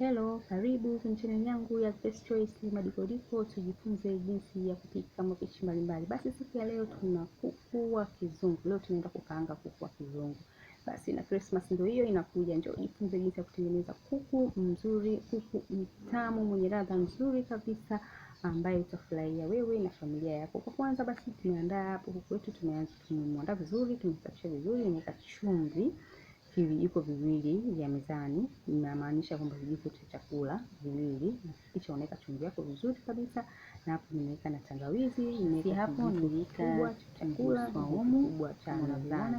Hello, karibu kwenye channel yangu ya Best Choice Madikoodiko, tujifunze jinsi ya kupika mapishi mbalimbali. Basi siku ya leo tuna kuku wa kizungu. Leo tunaenda kukaanga kuku wa kizungu. Basi na Christmas ndio hiyo inakuja, njoo jifunze jinsi ya kutengeneza kuku mzuri, kuku mtamu mwenye ladha nzuri kabisa ambayo utafurahia wewe na familia yako. Kwa kwanza basi tumeandaa hapo kuku wetu, tumeanza tumemwandaa vizuri, tumesafisha vizuri, tumeweka chumvi iko viwili vya mezani, inamaanisha kwamba vijiko cha chakula viwili. Kisha unaweka chumvi yako vizuri kabisa, na hapo nimeweka na tangawizi, nimeweka hapo, nimeweka chakula kubwa cha mezani,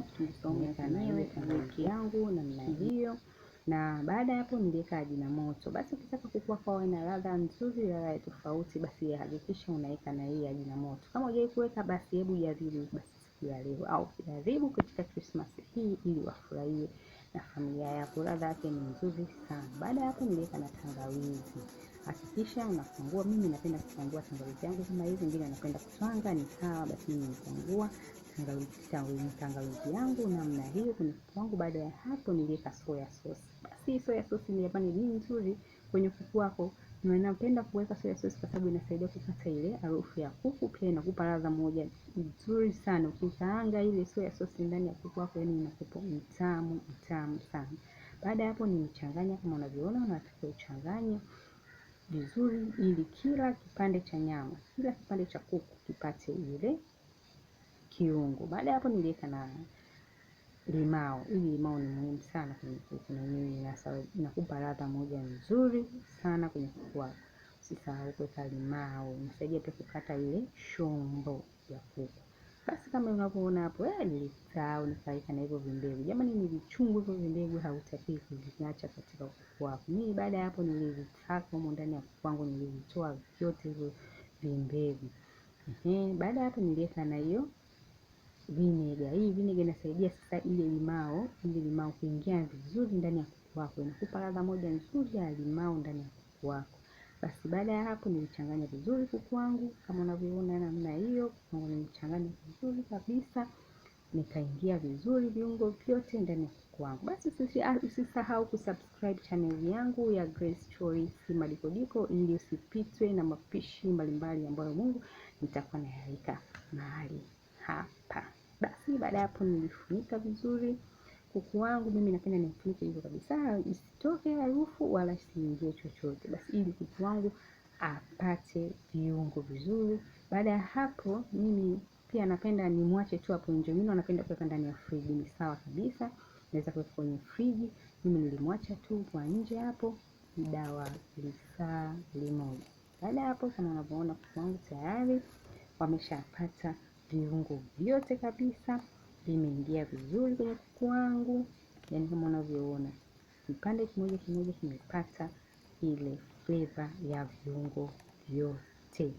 tangawizi yangu namna mhm. hiyo na baada ya hapo niliweka ajina moto. Basi ukitaka kuku wako wawe na ladha nzuri, ladha tofauti, basi hakikisha unaweka na hii ajina moto. Kama hujai kuweka, basi hebu jaribu basi ya leo au jaribu katika Krismasi hii ili wafurahie na familia yako. Ladha yake ni nzuri sana. Baada ya hapo, niliweka na tangawizi. Hakikisha unafungua. Mimi napenda kufungua tangawizi yangu kama hizi, ngine napenda kutwanga, ni sawa. Basi mimi nifungua tangawizi tangawizi yangu namna hiyo kwenye kuku wangu. Baada ya hapo, niliweka soya sauce. Basi soya sauce ni ni nzuri kwenye kuku wako na napenda kuweka soya sauce kwa sababu inasaidia kupata ile harufu ya kuku, pia inakupa ladha moja nzuri sana. Ukikaanga ile soya sauce ndani ya kuku wako, yani inakupa mtamu mtamu sana. Baada ya hapo, nimechanganya kama unavyoona, natakiwa uchanganye vizuri, ili kila kipande cha nyama, kila kipande cha kuku kipate ile kiungo. Baada ya hapo, niliweka na limao. Hii limao ni inakupa ladha moja nzuri sana kwenye kuku wako. Usisahau kuweka limao, inasaidia pia kukata ile shombo ya kuku. Basi kama unavyoona hapo, eh, nilisahau nikaweka na hivyo vimbegu. Jamani, ni vichungu hivyo vimbegu, hautaki kuviacha katika kuku wako. Mimi baada ya hapo nilivitaka huko ndani ya kuku wangu, nilivitoa vyote hivyo vimbegu. Ehe, baada ya hapo niliweka na hiyo vinega. Hii vinega inasaidia sasa ile limao ile limao kuingia vizuri ndani ya kuku wako, inakupa ladha moja nzuri ya limao ndani ya kuku wako. Basi baada ya hapo nilichanganya vizuri kuku wangu kama unavyoona namna hiyo, nilichanganya vizuri kabisa, nikaingia vizuri viungo vyote ndani ya kuku wangu. Basi usisahau kusubscribe channel yangu ya Grace Choice Madikodiko ili usipitwe na mapishi mbalimbali ambayo Mungu nitakuwa nayaweka mahali hapa. Basi baada ya hapo nilifunika vizuri kuku wangu. Mimi napenda nifunike hivyo kabisa, isitoke harufu wala isiingie chochote, basi ili kuku wangu apate viungo vizuri. Baada ya hapo, mimi pia napenda nimwache tu hapo nje. Mimi napenda kuweka ndani ya friji, ni sawa kabisa, naweza kuweka kwenye friji. Mimi nilimwacha tu kwa nje hapo muda wa lisaa limoja. Baada ya hapo, kama unavyoona kuku wangu tayari wameshapata viungo vyote kabisa vimeingia vizuri kwenye kuku wangu, yani kama unavyoona kipande kimoja kimoja kimepata ile flavor ya viungo vyote.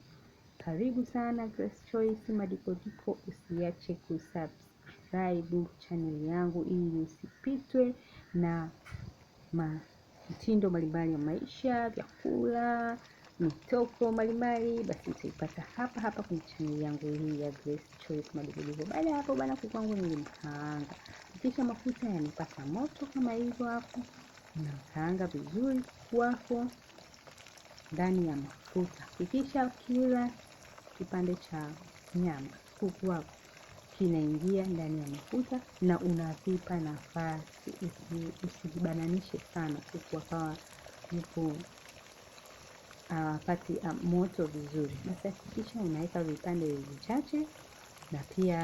Karibu sana Grace Choice Madikojiko, usiache kusubscribe channel yangu ili usipitwe na mtindo mbalimbali ya maisha, vyakula mitoko mbalimbali, basi mtaipata hapa hapa kwenye chaneli yangu hii ya Grace Choice Madogodogo. Baada ya hapo bana, kuku wangu nilimkaanga, kisha mafuta yamepata moto kama hivyo hapo, nakaanga vizuri kwako ndani ya mafuta. Kisha kila kipande cha nyama kuku wako kinaingia ndani ya mafuta na unavipa nafasi, usijibananishe sana kuku wakawa yupo wakati uh, ah, uh, moto vizuri. Basi hakikisha unaweka vipande vichache, na pia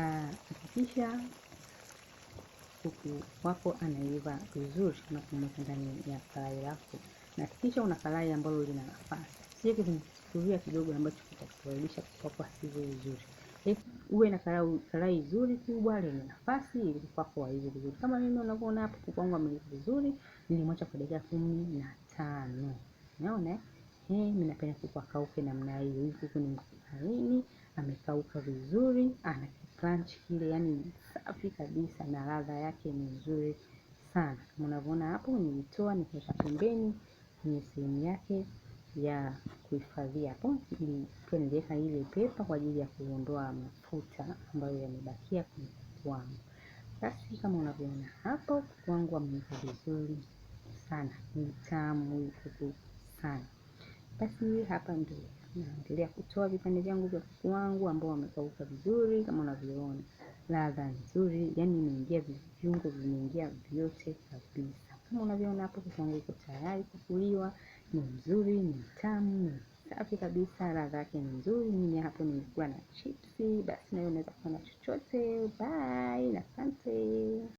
hakikisha kuku wako anaiva vizuri na kumweka ndani ya karai lako, na hakikisha una karai ambalo lina nafasi, sio kifuria kidogo ambacho kitakusababisha kuku wako asiive vizuri. Uwe na karai karai zuri kubwa lenye nafasi ili kuku wako waive vizuri. Kama mimi unavyoona hapo, kuku wangu ameiva vizuri, nilimwacha kwa dakika kumi na tano. Unaona? Ehe, mimi napenda kuku akauke namna hiyo. Huyu kuku ni msikarini, amekauka vizuri, ana crunch kile, yani safi kabisa na ladha yake ni nzuri sana. Kama unavyoona hapo nilitoa nikaweka pembeni kwenye sehemu yake ya kuhifadhia hapo, ili pia niliweka ile pepa kwa ajili ya kuondoa mafuta ambayo yamebakia kwenye kuku wangu. Basi kama unavyoona hapo, kuku wangu ameiva vizuri sana, ni tamu kuku sana. Basi hapa ndio naendelea kutoa vipande vyangu vya kuku wangu ambao wamekauka vizuri, kama unavyoona, ladha nzuri, yani imeingia viungo, vimeingia vyote kabisa. Kama unavyoona hapo, kuku wangu iko tayari kukuliwa. Ni mzuri, ni tamu ni safi kabisa, ladha yake ni nzuri. Mimi hapo nilikuwa na chipsi, basi nayo unaweza kuwa na chochote. Bye na asante.